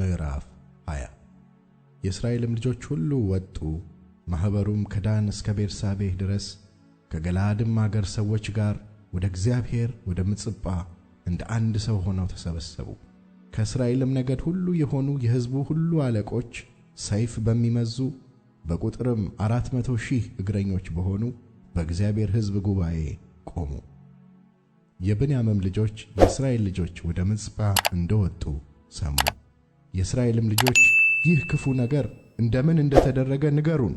ምዕራፍ 20 የእስራኤልም ልጆች ሁሉ ወጡ፣ ማኅበሩም ከዳን እስከ ቤርሳቤህ ድረስ ከገላአድም አገር ሰዎች ጋር ወደ እግዚአብሔር ወደ ምጽጳ እንደ አንድ ሰው ሆነው ተሰበሰቡ። ከእስራኤልም ነገድ ሁሉ የሆኑ የሕዝቡ ሁሉ አለቆች ሰይፍ በሚመዙ በቁጥርም አራት መቶ ሺህ እግረኞች በሆኑ በእግዚአብሔር ሕዝብ ጉባኤ ቆሙ። የብንያምም ልጆች የእስራኤል ልጆች ወደ ምጽጳ እንደወጡ ሰሙ። የእስራኤልም ልጆች ይህ ክፉ ነገር እንደምን እንደተደረገ ንገሩን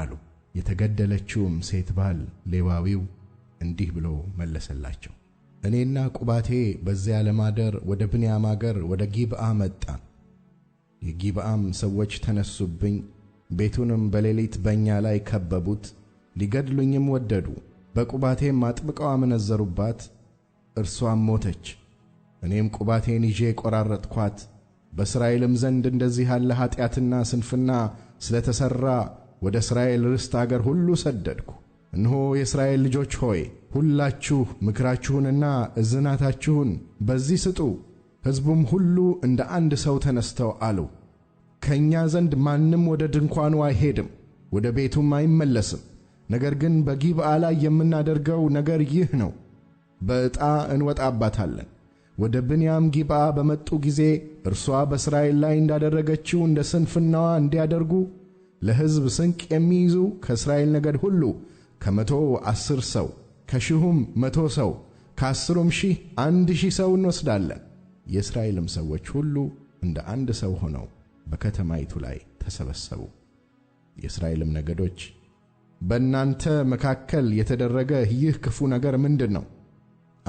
አሉ። የተገደለችውም ሴት ባል ሌዋዊው እንዲህ ብሎ መለሰላቸው፦ እኔና ቁባቴ በዚያ ለማደር ወደ ብንያም አገር ወደ ጊብዓ መጣን። የጊብዓም ሰዎች ተነሱብኝ፣ ቤቱንም በሌሊት በእኛ ላይ ከበቡት፣ ሊገድሉኝም ወደዱ። በቁባቴም አጥብቀው አመነዘሩባት፣ እርሷም ሞተች። እኔም ቁባቴን ይዤ ቈራረጥኳት፣ በእስራኤልም ዘንድ እንደዚህ ያለ ኀጢአትና ስንፍና ስለ ተሠራ ወደ እስራኤል ርስት አገር ሁሉ ሰደድኩ። እንሆ የእስራኤል ልጆች ሆይ ሁላችሁ ምክራችሁንና እዝናታችሁን በዚህ ስጡ። ሕዝቡም ሁሉ እንደ አንድ ሰው ተነሥተው አሉ፣ ከእኛ ዘንድ ማንም ወደ ድንኳኑ አይሄድም፣ ወደ ቤቱም አይመለስም። ነገር ግን በጊብዓ ላይ የምናደርገው ነገር ይህ ነው፤ በዕጣ እንወጣባታለን ወደ ብንያም ጊብዓ በመጡ ጊዜ እርሷ በእስራኤል ላይ እንዳደረገችው እንደ ስንፍናዋ እንዲያደርጉ ለሕዝብ ስንቅ የሚይዙ ከእስራኤል ነገድ ሁሉ ከመቶ ዐሥር ሰው ከሺሁም መቶ ሰው ከአስሩም ሺህ አንድ ሺህ ሰው እንወስዳለን። የእስራኤልም ሰዎች ሁሉ እንደ አንድ ሰው ሆነው በከተማይቱ ላይ ተሰበሰቡ። የእስራኤልም ነገዶች በእናንተ መካከል የተደረገ ይህ ክፉ ነገር ምንድን ነው?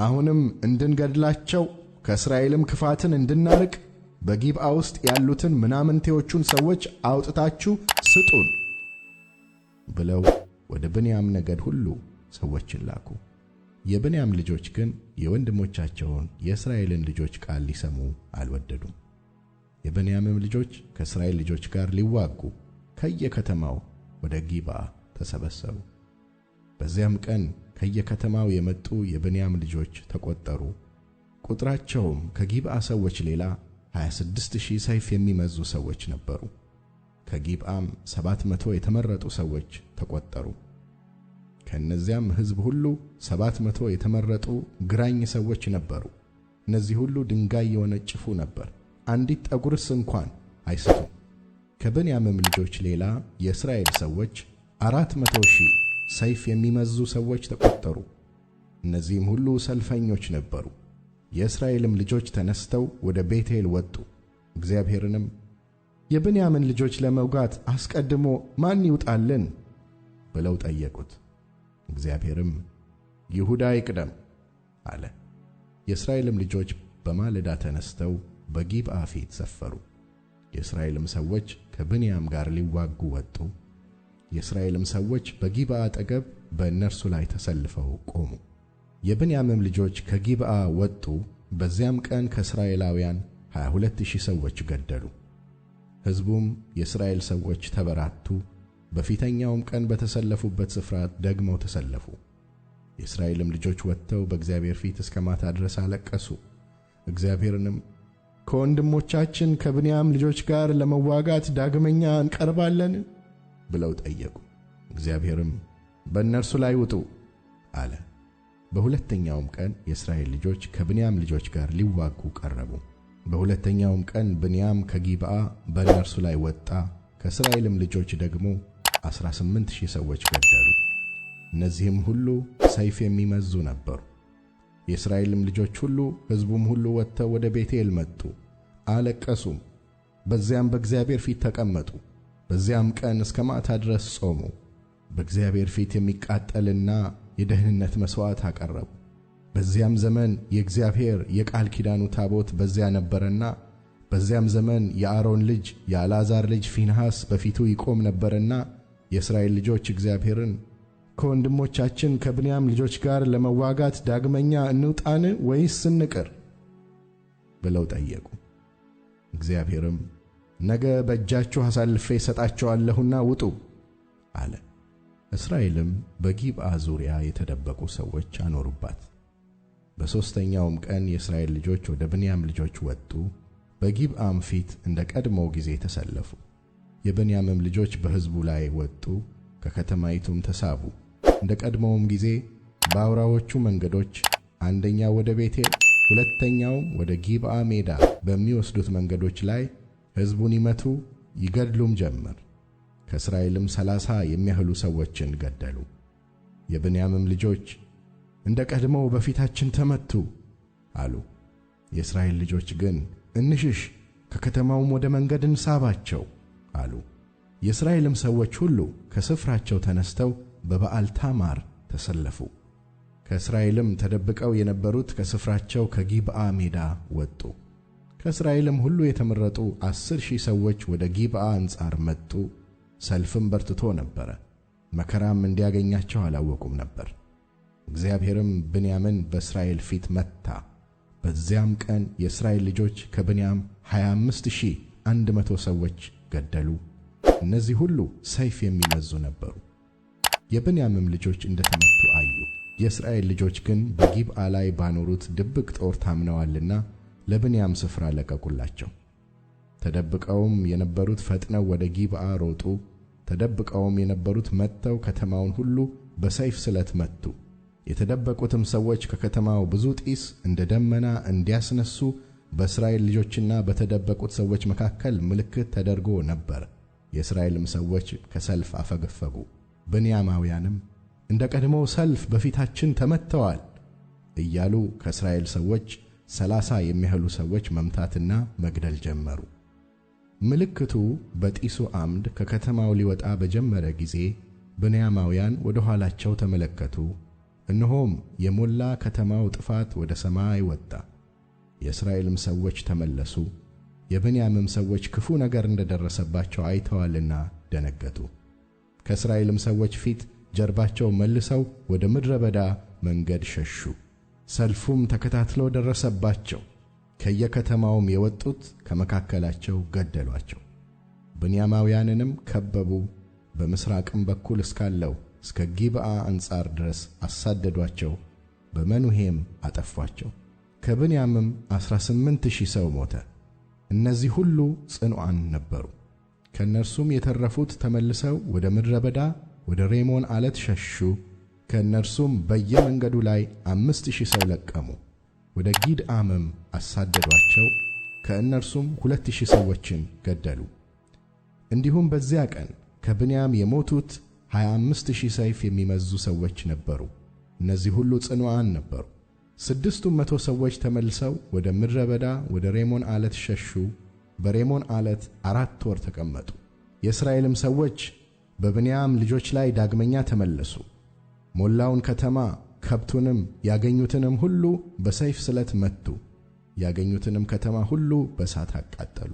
አሁንም እንድንገድላቸው ከእስራኤልም ክፋትን እንድናርቅ በጊብዓ ውስጥ ያሉትን ምናምንቴዎቹን ሰዎች አውጥታችሁ ስጡን ብለው ወደ ብንያም ነገድ ሁሉ ሰዎችን ላኩ። የብንያም ልጆች ግን የወንድሞቻቸውን የእስራኤልን ልጆች ቃል ሊሰሙ አልወደዱም። የብንያምም ልጆች ከእስራኤል ልጆች ጋር ሊዋጉ ከየከተማው ወደ ጊብዓ ተሰበሰቡ። በዚያም ቀን ከየከተማው የመጡ የብንያም ልጆች ተቆጠሩ። ቁጥራቸውም ከጊብአ ሰዎች ሌላ 26000 ሺህ ሰይፍ የሚመዙ ሰዎች ነበሩ። ከጊብአም ሰባት መቶ የተመረጡ ሰዎች ተቆጠሩ ከነዚያም ሕዝብ ሁሉ ሰባት መቶ የተመረጡ ግራኝ ሰዎች ነበሩ። እነዚህ ሁሉ ድንጋይ የወነጭፉ ነበር፣ አንዲት ጠጉርስ እንኳን አይስቱም። ከብንያምም ልጆች ሌላ የእስራኤል ሰዎች አራት መቶ ሺህ ሰይፍ የሚመዙ ሰዎች ተቆጠሩ እነዚህም ሁሉ ሰልፈኞች ነበሩ። የእስራኤልም ልጆች ተነስተው ወደ ቤቴል ወጡ። እግዚአብሔርንም የብንያምን ልጆች ለመውጋት አስቀድሞ ማን ይውጣልን ብለው ጠየቁት። እግዚአብሔርም ይሁዳ ይቅደም አለ። የእስራኤልም ልጆች በማለዳ ተነስተው በጊብዓ ፊት ሰፈሩ። የእስራኤልም ሰዎች ከብንያም ጋር ሊዋጉ ወጡ። የእስራኤልም ሰዎች በጊብዓ አጠገብ በእነርሱ ላይ ተሰልፈው ቆሙ። የብንያምም ልጆች ከጊብአ ወጡ። በዚያም ቀን ከእስራኤላውያን 22,000 ሰዎች ገደሉ። ሕዝቡም የእስራኤል ሰዎች ተበራቱ፣ በፊተኛውም ቀን በተሰለፉበት ስፍራ ደግመው ተሰለፉ። የእስራኤልም ልጆች ወጥተው በእግዚአብሔር ፊት እስከ ማታ ድረስ አለቀሱ። እግዚአብሔርንም ከወንድሞቻችን ከብንያም ልጆች ጋር ለመዋጋት ዳግመኛ እንቀርባለን ብለው ጠየቁ። እግዚአብሔርም በእነርሱ ላይ ውጡ አለ። በሁለተኛውም ቀን የእስራኤል ልጆች ከብንያም ልጆች ጋር ሊዋጉ ቀረቡ። በሁለተኛውም ቀን ብንያም ከጊብአ በእነርሱ ላይ ወጣ። ከእስራኤልም ልጆች ደግሞ ዐሥራ ሺህ ሰዎች ገደሉ። እነዚህም ሁሉ ሰይፍ የሚመዙ ነበሩ። የእስራኤልም ልጆች ሁሉ ሕዝቡም ሁሉ ወጥተው ወደ ቤቴል መጡ፣ አለቀሱም። በዚያም በእግዚአብሔር ፊት ተቀመጡ። በዚያም ቀን እስከ ማታ ድረስ ጾሙ። በእግዚአብሔር ፊት የሚቃጠልና የደህንነት መሥዋዕት አቀረቡ። በዚያም ዘመን የእግዚአብሔር የቃል ኪዳኑ ታቦት በዚያ ነበረና በዚያም ዘመን የአሮን ልጅ የአልዓዛር ልጅ ፊንሐስ በፊቱ ይቆም ነበርና የእስራኤል ልጆች እግዚአብሔርን ከወንድሞቻችን ከብንያም ልጆች ጋር ለመዋጋት ዳግመኛ እንውጣን ወይስ እንቅር? ብለው ጠየቁ። እግዚአብሔርም ነገ በእጃችሁ አሳልፌ እሰጣቸዋለሁና ውጡ አለ። እስራኤልም በጊብዓ ዙሪያ የተደበቁ ሰዎች አኖሩባት። በሦስተኛውም ቀን የእስራኤል ልጆች ወደ ብንያም ልጆች ወጡ፣ በጊብዓም ፊት እንደ ቀድሞው ጊዜ ተሰለፉ። የብንያምም ልጆች በሕዝቡ ላይ ወጡ፣ ከከተማይቱም ተሳቡ። እንደ ቀድሞውም ጊዜ በአውራዎቹ መንገዶች አንደኛው ወደ ቤቴል ሁለተኛውም ወደ ጊብዓ ሜዳ በሚወስዱት መንገዶች ላይ ሕዝቡን ይመቱ ይገድሉም ጀመር። ከእስራኤልም ሰላሳ የሚያህሉ ሰዎችን ገደሉ። የብንያምም ልጆች እንደ ቀድሞው በፊታችን ተመቱ አሉ። የእስራኤል ልጆች ግን እንሽሽ፣ ከከተማውም ወደ መንገድ እንሳባቸው አሉ። የእስራኤልም ሰዎች ሁሉ ከስፍራቸው ተነስተው በበዓል ታማር ተሰለፉ። ከእስራኤልም ተደብቀው የነበሩት ከስፍራቸው ከጊብዓ ሜዳ ወጡ። ከእስራኤልም ሁሉ የተመረጡ አሥር ሺህ ሰዎች ወደ ጊብዓ አንጻር መጡ ሰልፍም በርትቶ ነበረ። መከራም እንዲያገኛቸው አላወቁም ነበር። እግዚአብሔርም ብንያምን በእስራኤል ፊት መታ። በዚያም ቀን የእስራኤል ልጆች ከብንያም 25100 ሰዎች ገደሉ። እነዚህ ሁሉ ሰይፍ የሚመዙ ነበሩ። የብንያምም ልጆች እንደተመቱ አዩ። የእስራኤል ልጆች ግን በጊብዓ ላይ ባኖሩት ድብቅ ጦር ታምነዋልና ለብንያም ስፍራ ለቀቁላቸው። ተደብቀውም የነበሩት ፈጥነው ወደ ጊብዓ ሮጡ። ተደብቀውም የነበሩት መጥተው ከተማውን ሁሉ በሰይፍ ስለት መቱ። የተደበቁትም ሰዎች ከከተማው ብዙ ጢስ እንደ ደመና እንዲያስነሱ በእስራኤል ልጆችና በተደበቁት ሰዎች መካከል ምልክት ተደርጎ ነበር። የእስራኤልም ሰዎች ከሰልፍ አፈገፈጉ፣ ብንያማውያንም እንደ ቀድሞው ሰልፍ በፊታችን ተመትተዋል እያሉ ከእስራኤል ሰዎች ሰላሳ የሚያህሉ ሰዎች መምታትና መግደል ጀመሩ። ምልክቱ በጢሱ አምድ ከከተማው ሊወጣ በጀመረ ጊዜ ብንያማውያን ወደ ኋላቸው ተመለከቱ፣ እነሆም የሞላ ከተማው ጥፋት ወደ ሰማይ ወጣ። የእስራኤልም ሰዎች ተመለሱ፣ የብንያምም ሰዎች ክፉ ነገር እንደ ደረሰባቸው አይተዋልና ደነገጡ። ከእስራኤልም ሰዎች ፊት ጀርባቸው መልሰው ወደ ምድረ በዳ መንገድ ሸሹ፣ ሰልፉም ተከታትሎ ደረሰባቸው። ከየከተማውም የወጡት ከመካከላቸው ገደሏቸው። ብንያማውያንንም ከበቡ፣ በምሥራቅም በኩል እስካለው እስከ ጊብዓ አንጻር ድረስ አሳደዷቸው፣ በመኑሄም አጠፏቸው። ከብንያምም ዐሥራ ስምንት ሺህ ሰው ሞተ። እነዚህ ሁሉ ጽኑዓን ነበሩ። ከእነርሱም የተረፉት ተመልሰው ወደ ምድረ በዳ ወደ ሬሞን ዓለት ሸሹ። ከእነርሱም በየመንገዱ ላይ አምስት ሺህ ሰው ለቀሙ። ወደ ጊድ አመም አሳደዷቸው። ከእነርሱም ሁለት ሺህ ሰዎችን ገደሉ። እንዲሁም በዚያ ቀን ከብንያም የሞቱት ሀያ አምስት ሺህ ሰይፍ የሚመዙ ሰዎች ነበሩ። እነዚህ ሁሉ ጽኑዓን ነበሩ። ስድስቱም መቶ ሰዎች ተመልሰው ወደ ምድረ በዳ ወደ ሬሞን ዓለት ሸሹ። በሬሞን ዓለት አራት ወር ተቀመጡ። የእስራኤልም ሰዎች በብንያም ልጆች ላይ ዳግመኛ ተመለሱ። ሞላውን ከተማ ከብቱንም ያገኙትንም ሁሉ በሰይፍ ስለት መቱ፤ ያገኙትንም ከተማ ሁሉ በእሳት አቃጠሉ።